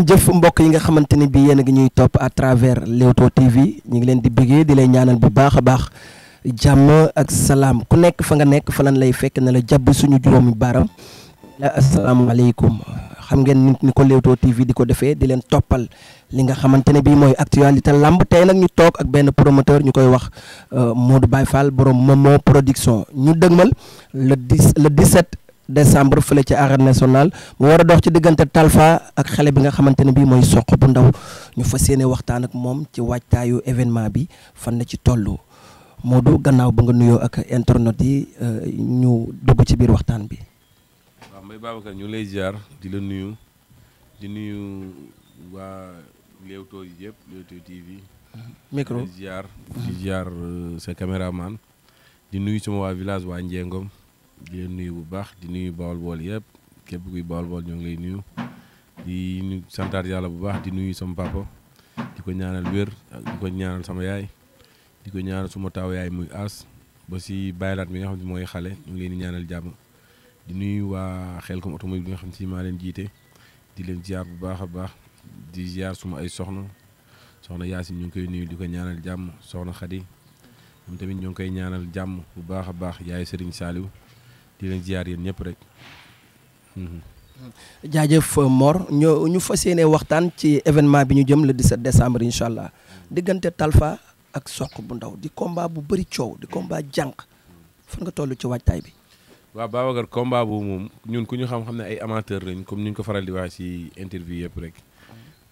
ngeen jëf mbokk yi nga xamante ni bii yéen a ngi ñuy topp à travers Leewtoo TV ñu ngi leen di bëggee di lay ñaanal bu baax a baax jàmm ak salaam ku nekk fa nga nekk fa lan lay fekk na la jàpp suñu juróomi baaram asalaamaaleykum xam ngeen nit ni ko Leewtoo TV di ko defee di leen toppal li nga xamante ne bii mooy actualité lamb tey nag ñu toog ak benn promoteur ñu koy wax euh, Modou Baye Fall borom Momo production ñu dëgmal le 10 le 17 décembre fële ci arène nationale mu war a dox ci diggante Talfa ak xale bi nga xamante ne bii mooy soq bu ndaw ñu fas yéene waxtaan ak moom ci waajtaayu événement bi fan na ci tollu Modou gannaaw ba nga nuyoo ak internet yi euh, ñu dugg ci biir waxtaan bi. waaw Mbaye Babacar ñu lay ziar di la nuyu di nuyu waa yëpp Leewtoo TV. Mm-hmm. micro di ziar di ziar euh, sa caméraman di nuyu sama waa village waa Njengom. di leen nuyu bu baax di nuyu Bawol Bawol yëpp képp kuy Bawol Bawol ñoo ngi lay nuyu di nuyu yàlla bu baax di nuyu sama papa di ko ñaanal wér di sama yaay di ko ñaanal suma taaw muy aas ba si bi nga xam mooy xale ñu ngi ñaanal jàmm di nuyu waa Xelcom automobile bi nga xam si maa jiite di leen ziar bu baax a baax di ziar suma ay soxna soxna Yaasin ñu ngi koy nuyu di ko ñaanal jàmm soxna Xadi moom tamit ñoo ngi koy ñaanal jàmm bu baax a baax yaay Serigne Saliou di leen ziar ñëpp rek. Mm-hmm. jaajëf euh, Mor ñoo ñu fas yéene waxtaan ci événement bi ñu jëm la di sa décembre incha allah diggante Talfa ak Sokh bu ndaw di combat bu bëri coow di combat jànq fan nga toll ci waajtaay bi. waaw Babacar combat bu moom ñun ku ñu xam-xam ne ay amateur lañ comme ni ñu ko faral di wax ci interview yëpp rek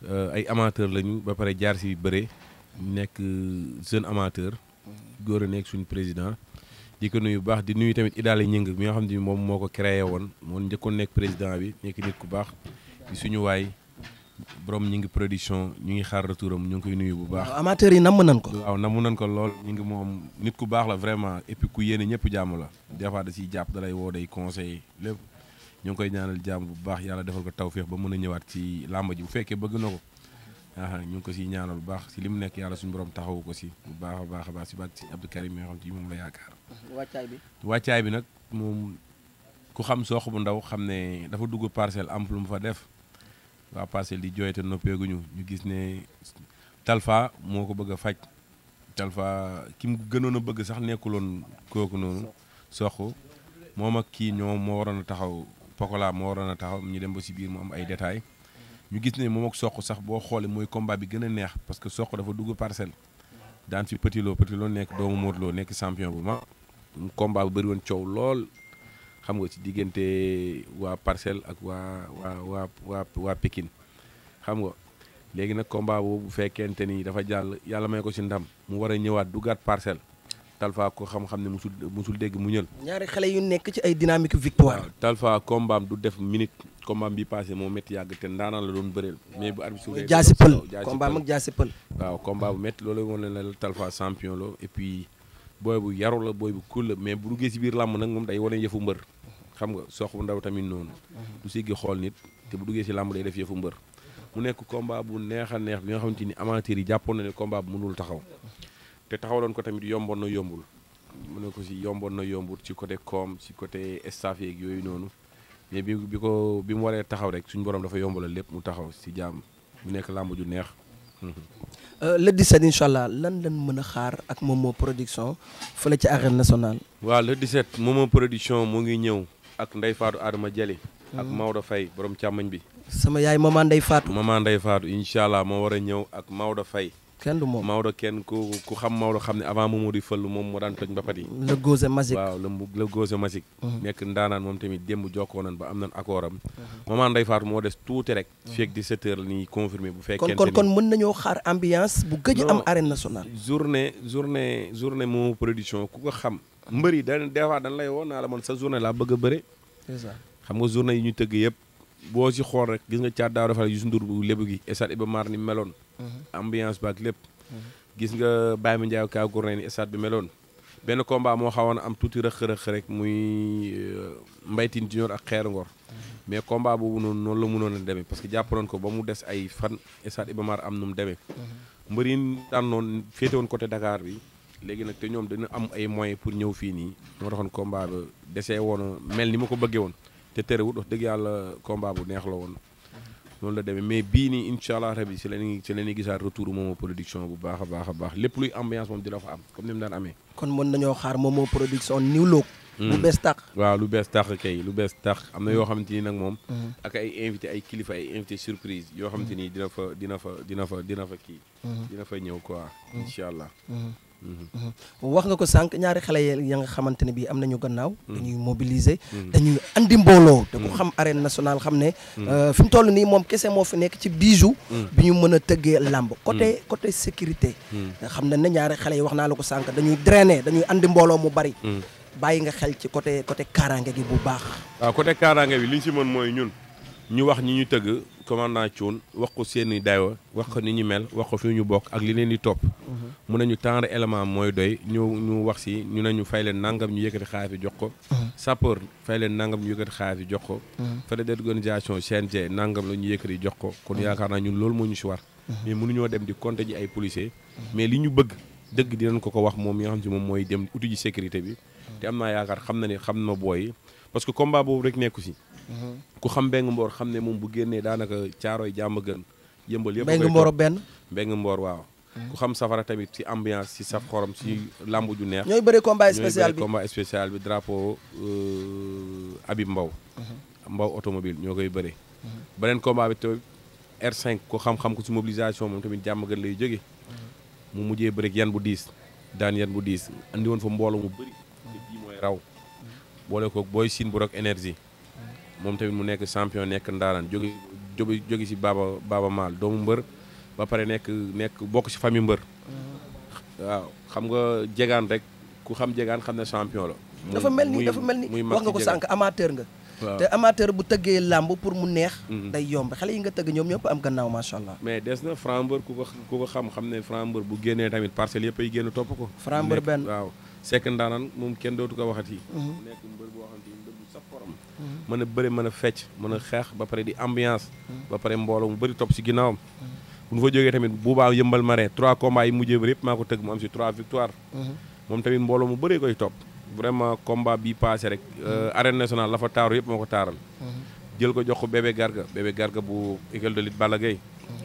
euh, ay amateur lañu ba pare jaar si bëre nekk jeune amateur. góor a nekk suñu président. di ko nuyu bu baax di nuyu tamit Idaly Gningue mi nga xam ne moom moo ko créé woon moo njëkkoon nekk président bi nekk nit ku baax di suñu waay borom ñu ngi production ñu ngi xaar retouram ñu ngi koy nuyu bu baax. waaw amateurs yi nañ ko. waaw namm nañ ko lool ñu ngi moom nit ku baax la vraiment et ku yéene ñëpp jàmm la des fois jàpp da lay woo day conseillé lépp ñu ngi koy ñaanal jàmm bu baax yàlla defal ko tawféex ba mën a ñëwaat ci làmb ji bu fekkee bëgg na ko ah ñu ngi ko si ñaanal bu baax si li mu nekk yàlla suñu borom taxawu ko si bu baax a baax a baax si baat si Abdou Karim moom la yaakaar wàccaay bi wàccaay bi nag moom ku xam sox bu ndaw xam ne dafa dugg parcel am lu mu fa def waa parcel di jooyte noppeeguñu ñu ñu gis ne Talfa moo ko bëgg a faj Talfa ki mu gënoon a bëgg sax nekkuloon kooku noonu sox moom ak kii ñoom moo waroon a taxaw Pokola moo waroon a taxaw ñu dem ba si biir mu am ay détails ñu gis ne moom ak soq sax boo xoolee mooy combat bi gën a neex parce que soq dafa dugg parcelle daan fi pëtiloo pëtiloo nekk doomu Modou Lo nekk champion bu mag combat bu bëri woon lool xam nga ci diggante waa Parcelles ak waa waa waa waa waa xam nga léegi nag combat bu fekkente ni dafa jàll yàlla may ko ci ndam mu war a ñëwaat dugaat Parcelles Talfa ko xam-xam ne musul musul dégg mu ñël. ñaari xale yu nekk ci ay dynamique victoire. waaw Talfa combat du def minute combat bi passé moo métti yàgg te ndaanaan la doon bëreel. mais bu arbitre bi jaasi pël combat mag jaasi pël. waaw combat bu métti loolu woon na la Talfa champion la et puis. booy bu yaru la booy bu cool la mais bu duggee si biir làmb nag moom day wane yëfu mbër xam nga sox bu ndaw tamit noonu mhm. du siggi xool nit te bu duggee si làmb day def yëfu mbër mu nekk combat bu neex a neex bi nga xamante ni amateur yi jàppoon na ne combat bu mënul taxaw te taxawaloon ko tamit yomboon na yombul mu ne ko si yomboon na yombul ci côté koom si côté staff yeeg yooyu noonu mais bi bi ko bi mu waree taxaw rek suñ borom dafa yombu la lépp mu taxaw si jàmm mu nekk làmb ju neex Euh, le set incha allah lan lan mën a xaar ak Momo production fële ci arène nationale. waaw le set Momo production mu ngi ñëw ak Ndeye Fatou Adama Jali ak hmm. Maodo Faye borom càmmiñ bi. sama yaay Maman Ndeye Fatou. Maman Ndeye Fatou incha allah moo war a ñëw ak Maodo Faye kenn du Maodo kenn ku xam Maodo xam ne avant moomu di fël moom moo daan toj mbapat yi. le gauze magique waaw le le gauze magique. Mm-hmm. nekk ndaanaan moom tamit démb jokkoo nañ ba am nañ accord am. Mm-hmm. maman Ndeye Fatou moo des tuuti rek. feeg 17h nii confirmé bu fekkente ni. kon kon kon mën nañoo xaar ambiance bu gëj am. arène nationale journée journée journée moomu production ku ko xam. mbër yi dañ des fois dañ lay woon naa la man sa journée laa bëgg a bëre. xam nga journée yi ñu tëgg yëpp boo si xool rek gis nga caat daaw dafa Youssou Ndour bu lébu meloon ambiance baak lépp gis nga Baye Mandiaye Ka Gourné ni stade bi meloon benn combat moo xawoon am tuuti rëq-rëq rek muy euh, mbaytin junior ak xeeru ngor mais combat boobu noonu la mënoon a demee parce que jàpp ko ba mu des ay fan stade Iba am nu mu demee mbër yi daan noonu woon côté Dakar bi léegi nag te ñoom dañu am ay moyens pour ñëw fii nii moo taxoon combat ba desee woon mel ni ma ko bëggee woon te terewut wax dëgg yàlla combat bu neex la woon loolu la deme mais bii nii incha allah rabi si la ñuy si la ñuy gisaat retour Momo production bu baax a baax a baax lépp luy ambiance moom dina fa am comme ni mu daan amee. kon mën nañoo xaar Momo production new look. Hmm. lu bees tax. waaw lu bees tax kay lu bees tax am na hmm. yoo xamante ni nag moom. Hmm. ak ay invité ay kilifa ay invité surprise yoo xamante ni dina fa dina fa dina fa dina fa kii. dina fa ñëw quoi. incha allah. Mm-hmm. wax nga ko sànq ñaari xale ya nga xamante ne bii am nañu gannaaw. Mm-hmm. dañuy mobiliser. Mm-hmm. dañuy andi mbooloo. te ku xam arène nationale xam ne. Euh, fi mu toll nii moom kese moo fi nekk ci bijou. bi ñu mën a tëggee làmb. côté côté sécurité. xam na ne ñaari xale yi wax naa la ko sànq dañuy drainer dañuy andi mbooloo mu bari. bàyyi nga xel ci côté côté kaaraange gi bu baax. waaw côté kaaraange bi li ñu si mën mooy ñun ñu wax ñu ñu tëgg. commandant Thion wax ko seeni dayoo wax ko ni ñu mel wax ko fi ñu bokk ak li leen di topp. Mhm. mun nañu temps élément mooy doy ñu ñu wax si ñu na ñu fay leen nangam ñu yëkkati xaalis bi jox ko. Mhm. sapeur fay leen nangam ñu yëkkati xaalis bi jox ko. Mhm. frais d'organisation CNG nangam la ñu yëkkati jox ko. kon yaakaar naa ñun loolu moo ñu si war. mais ñoo dem di compter ji ay policiers. mais li ñu bëgg dëgg dinañ ko ko wax moom mi nga xam si moom mooy dem uti ji sécurité bi. am naa yaakaar xam na ne xam na booy parce que combat boobu rek nekku si. ku xam Mbengue Mbor xam ne moom bu génnee daanaka caaroy jàmm gën yëmbal yëpp Mbengue Mbor benn Mbengue Mbor waaw ku xam safara tamit ci ambiance ci saf xorom ci lamb ju neex ñooy bëri combat spécial bi combat spécial bi drapeau euh, Habib Mbaw Mbaw automobile ñoo koy bëri beneen combat bi tamit R5 ko xam-xam ko ci mobilisation moom tamit jàmm gën lay jóge mu mujjee bëri yan bu diis daan yan bu diis andi woon fa mbooloo mu bëri te bii mooy raw boole ko booy siin bu rok énergie moom tamit mu nekk champion nekk ndaaraan jóge jóge si baaba baaba maal doomu mbër ba pare nekk nekk bokk si famille mbër waaw xam nga jegaan rek ku xam jegaan xam ne champion la dafa mel ni dafa mel ni wax nga ko sànq amateur nga te amateur bu tëggee lamb pour mu neex mhm. day yomb xale yi nga tëgg ñoom ñëpp am gannaaw macha allah mais des na franc mbër ku ko ku xam xam ne franc mbër bu génnee tamit parcelle yëpp ay génn topp ko franc mbër benn waaw sekk ndaanaan moom kenn dootu ko waxati mhm. Mm-hmm. mën a bëre mën a fecc mën a mm-hmm. xeex ba pare di ambiance mm-hmm. ba pare mbooloo mu bëri topp si ginnaawam bu ñu fa jógee tamit buubaa yëmbal mare trois combats yi mujjee bëri yëpp maa ko tëgg mu am si trois victoire moom tamit mbooloo mu bëree koy topp vraiment combat bi passé rek euh, arène nationale la fa taaru yëpp moo ko taaral jël ko jox ko bébé garga bébé garga bu école de lutte Balla Gaye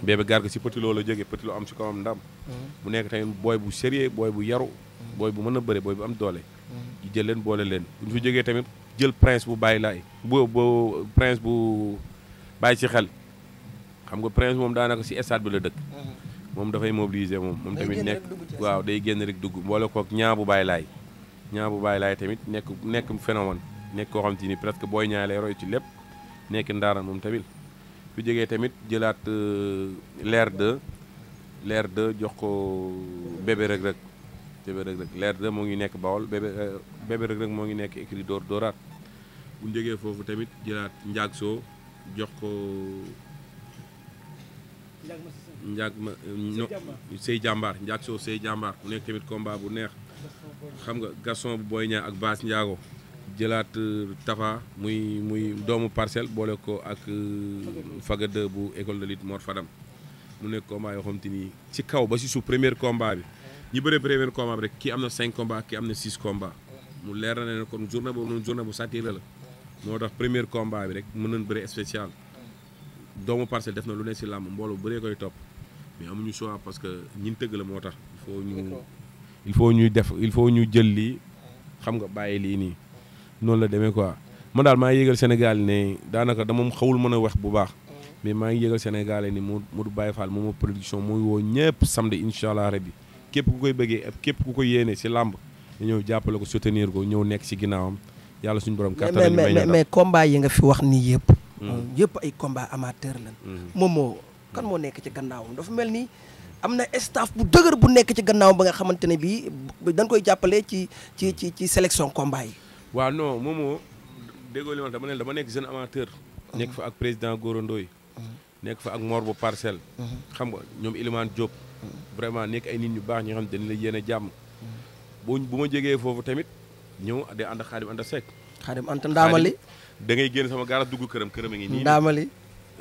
garga si petit la jógee petit am si kawam ndam mu nekk tamit booy bu sérieux booy bu yaru booy bu mën a bëre booy bu jël prince bu bàyyi laay bu bu prince bu bàyyi ci xel xam nga prince moom daanaka si stade bi la dëkk. Mhm. moom dafay mobiliser moom moom tamit nekk waaw day génn rek dugg boole kook ñaa bu bàyyi laay ñaa bu laay tamit nekk nekk phénomène nekk koo xam te ni presque booy ñaa lay roy ci lépp nekk ndaaraan moom tamit su jegee tamit jëlaat euh, leer de leer de jox ko bébé rek rek bébé rek rek leer de moo ngi nekk bawol bébé euh, bébé rek rek moo ngi nekk écrit dóor bu ñu foofu tamit jëlaat njaag soo jox ko njaag ma euh, no sëy jàmbaar njaag soo sëy jàmbaar mu nekk tamit combat bu neex xam nga garçon bu booy ñaa ak baas njaago jëlaat euh, tafa muy muy doomu parcelle boole ko ak euh, faga de bu école de lutte Mor Fadam mu nekk combat yoo xam te ni ci kaw ba si suuf premier combat bi ñi bëree premier combat bi rek kii am na cinq combat kii am na six combat mu leer na ne kon journée boobu noonu journée bu satire la moo tax premier combat bi rek mën nañ bëre spécial doomu parcelle def na lu ne si làmb mbooloo bëree koy topp mais amuñu choix parce que ñin tëgg la moo tax il il faut ñu def il faut ñu jël lii xam nga bàyyi lii nii noonu la demee quoi man maa ngi Sénégal ne daanaka dama xawul mën a wax bu baax mais maa ngi yëgal Sénégal ni mu Modou Baye Fall moom production mooy woo ñëpp samedi incha allah rabbi képp ku koy bëggee képp ku ko yéene si làmb ñëw jàppale ko soutenir ko ñëw nekk si ginnaawam yàlla suñu borom kàttan mais mais mais combat yi nga fi wax nii yëpp. Hmm. Hmm. yëpp ay combat amateur lan hmm. moom moo kan moo nekk ci gannaawam dafa mel ni am na staff bu dëgër bu nekk ci gannaawam ba nga xamante ne bii dañ koy jàppale ci ci ci ci sélection combat yi. waaw non moomoo déggoo ma dama ne dama nekk jeune amateur. nekk fa ak président Goro Ndoye nekk fa ak Mor bu parcelle. xam nga ñoom Ilimane Diop. vraiment nekk ay nit ñu baax ñi nga la yéene jàmm. bu bu ma jegee foofu tamit. ñëw day ànd ak xaadim ànd ak sekk xaadim anta ndaamali da ngay génn sama gaara dugg këram këram a ngi nii ndaamali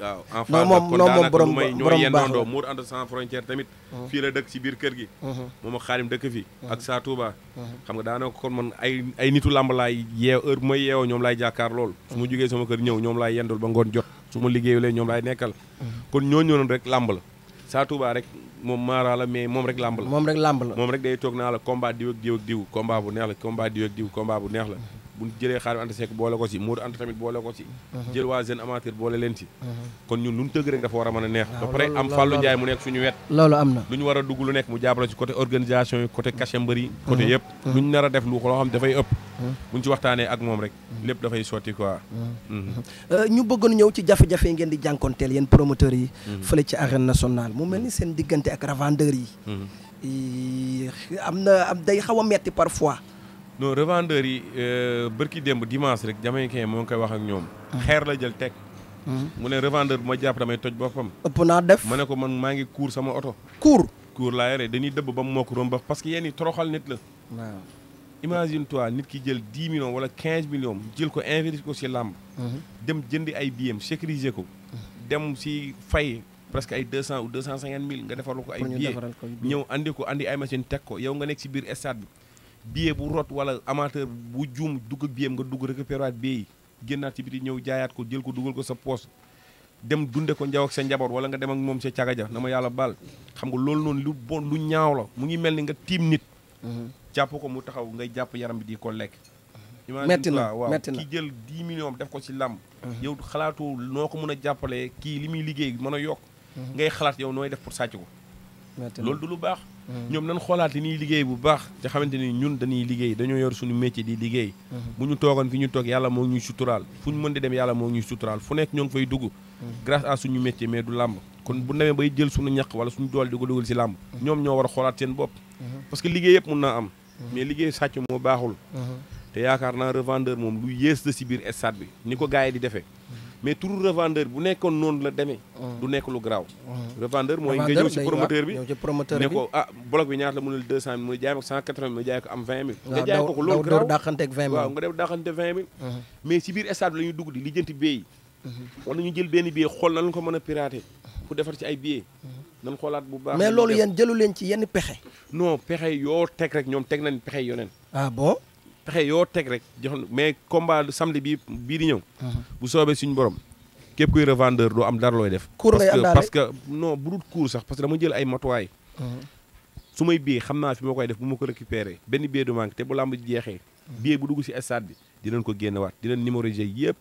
waaw en face moom non moom borom may ñoo yendandoo muur frontière tamit mhm. fii la dëkk ci biir kër gi mhm. moom ak xaadim dëkk fi mhm. ak saa Touba xam nga daanaka kon man ay ay nitu làmb laay yeew heure may yeewoo ñoom laay jàkkaar lool su ma jógee sama kër ñëw ñoom laay yendul ba ngoon jot su ma liggéeyulee ñoom laay nekkal kon ñoo ñoonoon rek làmb la saa Touba rek moom maara la mais moom rek làmb la moom rek làmb la moom rek day toog naa la combat diw ak diw ak bu neex la combat diw ak diw combat bu neex la buñ jëlee xaar bi Anta Seck boole ko si Modou Anta tamit boole ko si mhm. jël waa jeune amateur boole leen mhm. lu ñu a a mu nekk suñu wet loolu am na lu a nekk mu jàppale si côté yi côté cachet mhm. lu ñu a def lu loo xam dafay ëpp buñ ci waxtaanee ak moom rek lépp dafay sotti quoi euh, ñu bëggoon ñëw ci jafe-jafe ngeen di jànkonteel yéen promoteurs yi fële ci arène nationale mu mel ni seen diggante ak revendeurs yi am na am day xaw a metti parfois non revendeur yi euh, bërki démb dimanche rek jamaïcain moo ngi koy wax ak ñoom. xeer la jël teg. mu ne revendeur bu ma jàpp damay toj boppam. ëpp naa def ma ne ko man maa ngi kuur sama oto. kuur kuur laa yore dañuy dëbb ba mu mokk romb parce que yéen i toroxal nit la. waaw imagine toi nit ki jël 10 millions wala 15 millions jël ko investir ko si làmb. Mhm. dem jëndi ay billets sécuriser ko. dem si fay. presque ay deux cent ou deux cent cinquante mille nga defaral ko ay ay machine teg ko yow nga nekk si biir stade bi. billet bu rot wala amateur bu juum dugg ak billet nga dugg récupéré waat billet yi génnaat ci biti ñëw jaayaat ko jël ko dugal ko sa poos dem dunde ko njaw ak sa njaboot wala nga dem ak moom sa cagaja na ma yàlla bal xam nga loolu noonu lu bon lu ñaaw la mu ngi mel ni nga tiim nit mhm. jàpp ko mu taxaw ngay jàpp yaram bi di ko lekk mhm. metti na waaw ki jël 10 millions def ko si làmb mhm. yow xalaatu noo ko mën a jàppalee kii li muy liggéey mën a yokk ngay xalaat yow nooy def pour sàcc ko Mm-hmm. ñoom nan xoolaat li ñuy liggéey bu baax te xamante ni ñun dañuy liggéey dañoo yor suñu métier di liggéey mm-hmm. bu ñu toogoon fi ñu toog yàlla moom ñuy suturaal fu ñu mën di dem moo ñuy suturaal fu nekk ñoo ngi fay dugg mm-hmm. grâce à suñu métier mais du làmb kon bu demee bay jël suñu ñaq wala suñu dool di ko dugal si làmb ñoom ñoo war a xoolaat seen bopp parce que liggéey yëpp mun naa am mais liggéey sàcc moo baaxul te yaakaar naa revendeur moom lu yées la si biir stade bi ni ko gars yi di defee mais turu revendeur bu nekkoon noonu la demee. Mm. du nekk lu garaaw. Mm. revendeur mooy nga ñëw ci promoteur bi ne ko ah bloc bi ñaata la mënul 200000 mu jaay ma mu jaay jaay ko ko loolu garaaw waaw mm-hmm. mais ci biir stade bi la dugg di lijjanti billet yi. Mm-hmm. wala ñu jël benn billet xool nan ko mën a piraté pour defar ci ay billets. Mm-hmm. nan xoolaat bu baax mais loolu yéen jëlu leen ci yenn pexe. non pexe yoo teg rek ñoom teg nañ pexe yoneen. ah bon. pexe yoo teg rek jox mais combat samedi bi bii di ñëw. Uh-huh. bu soobee suñu borom. képp kuy revender doo am dara looy def. cours ngay parce que non bu dul cours sax parce que dama jël ay matuwaay. Uh-huh. su may biyee xam naa fi ma koy def bu ma ko récupéré benn billet du manqué te bu làmb jeexee. Uh-huh. billet bu dugg si stade bi dinañ ko génn waat dinañ numériser yëpp.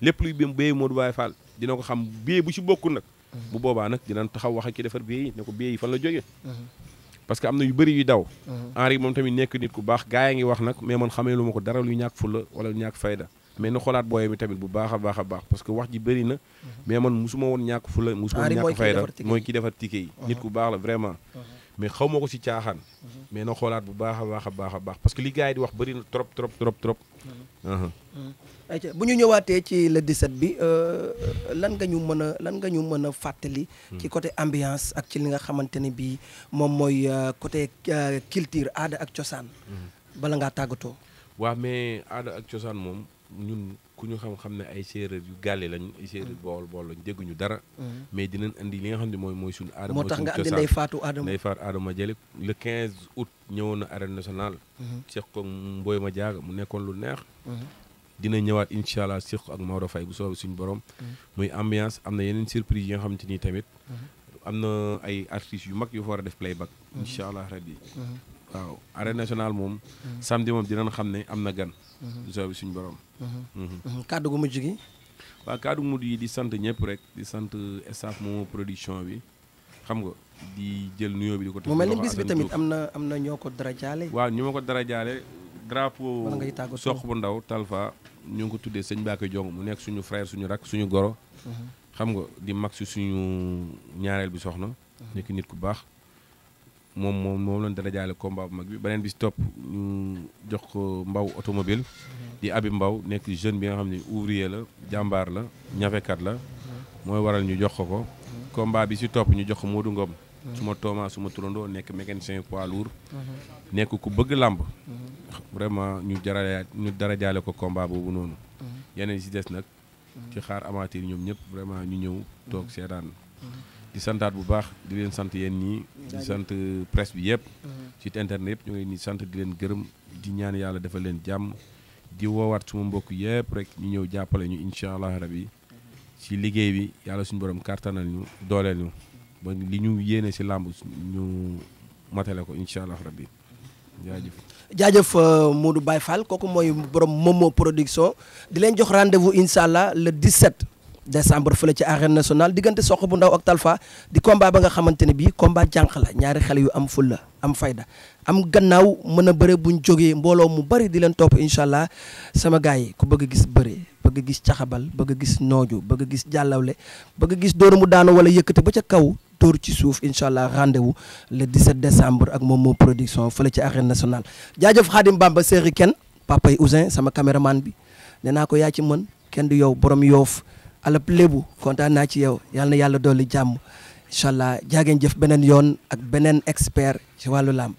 lépp luy béy Modou Baye Fall dina ko xam billet bu ci bokku nag. bu boobaa nag dinañ taxaw wax ak ki defar billet yi ne ko billet fan la jógee. parce que am na yu bëri yu daw. Mhm. Henri moom tamit nekk nit ku baax gaa yaa ngi wax nag mais man xamee lu ma ko dara lu ñàkk fulla wala lu ñàkk fayda. mais na xoolaat booy mi tamit bu baax a baax a baax parce que wax ji bëri na. Mhm. mais man musuma woon ñàkk fulla musuma woon ñàkk fayda mooy ki defar ticket yi. nit mhm. ku baax la vraiment. mais xaw ma ko ci caaxaan. mais na xoolaat bu baax a baax a baax baax parce que li gaa yi di wax bëri na trop trop trop trop. Uh-huh. bu ñu ñëwaatee ci le 17 bi euh, lan nga ñu mën a lan nga ñu mën a fàttali. Hmm. ci côté ambiance ak ci li nga xamante ne bii moom mooy euh, côté euh, culture aada ak cosaan. Hmm. bala ngaa tàggatoo. waa mais aada ak cosaan moom. ñun ku ñu xam-xam ne ay séeréer yu gàlle lañ ay séeréer mm. bool bool lañ dégguñu dara mm. mais dinañ indi li nga xam ne mooy mooy suñu aadama moo tax nga andi nday faatu aadama nday faatu aadama jële le 15 août ñëwoon na arène nationale mm-hmm. seq ko mbooy ma jaaga mu nekkoon lu neex mm-hmm. dina ñëwaat incha allah seq ak Maodo Faye bu soobee suñu borom mm-hmm. muy ambiance am na yeneen surprise yi nga xamante ni tamit am na ay artistes yu mag yu fa war a def playback incha allah rabbi waaw arène national moom. samedi moom dinañ xam ne am na gan. bi suñu borom. Mhm. kàddu gu mujj gi. waaw kàddu mujj yi di sant ñëpp rek di sant staff moomu production bi xam nga di jël nuyoo bi. di ko teg mu am na am na ñoo ko dara jaale. waaw ñu ma ko dara jaale drapeau soq bu ndaw Talfa ñu ngi ko tuddee sëñ Bakay Jong mu nekk suñu frère suñu rak suñu goro. Mhm. xam nga di max suñu ñaareel bi soxna. Mhm. nekk nit ku baax. moom moom moom lañ dara jaale combat bu mag bi beneen bi si topp ñu jox ko Mbaw automobile di abi Mbaw nekk jeune bi nga xam ne ouvrier la jàmbaar la ñafekat la mooy waral ñu jox ko ko combat bi si topp ñu jox ko Modou Ngom suma tooma suma turandoo nekk mécanicien poids lourd nekk ku bëgg làmb vraiment ñu jara ñu dara jaale ko combat boobu noonu mhm. yeneen si des nag ci xaar amateur ñoom ñëpp vraiment ñu ñëw toog seetaan di santaat bu baax di leen sant yéen nii di sant presse bi yëpp mm-hmm. ci internet yëpp ñoo ngi leen sant di leen gërëm di ñaan yàlla defal leen jàmm di woowaat suma mbokk yëpp rek ñu ñëw jàppale ñu incha allah rabi si mm-hmm. liggéey bi yàlla suñu borom kàttanal ñu dooleel ñu ba li ñu yéene si làmb ñu matale ko incha allah rabi jaajëf. jaajëf euh, Modou Baye Fall kooku mooy borom Momo production di leen jox rendez vous incha allah le 17. décembre la ci arène nationale diggante soq bu ndaw ak talfa di combat ba nga xamante ne bii combat jànq la ñaari xale yu am fulla am fayda am gannaaw mën a bëre buñ jógee mbooloo mu bëri di leen topp incha allah sama gars yi ku bëgg gis bëre bëgg gis caxabal bëgg gis nooju bëgg gis jàllawle bëgg gis door mu daanu wala yëkkate ba ca kaw tóor ci suuf incha allah rendez-vous le 17 décembre ak moom moo production fële ci arène nationale jaajëf Xaadim Bamba séeri kenn papay Ousin sama caméraman bi nee naa ko yaa ci mën kenn du yow borom yoof alab lébu kontaan naa ci yow yal na yàlla dolli jàmm incha allah jaageen jëf beneen yoon ak beneen expert ci wàllu làmb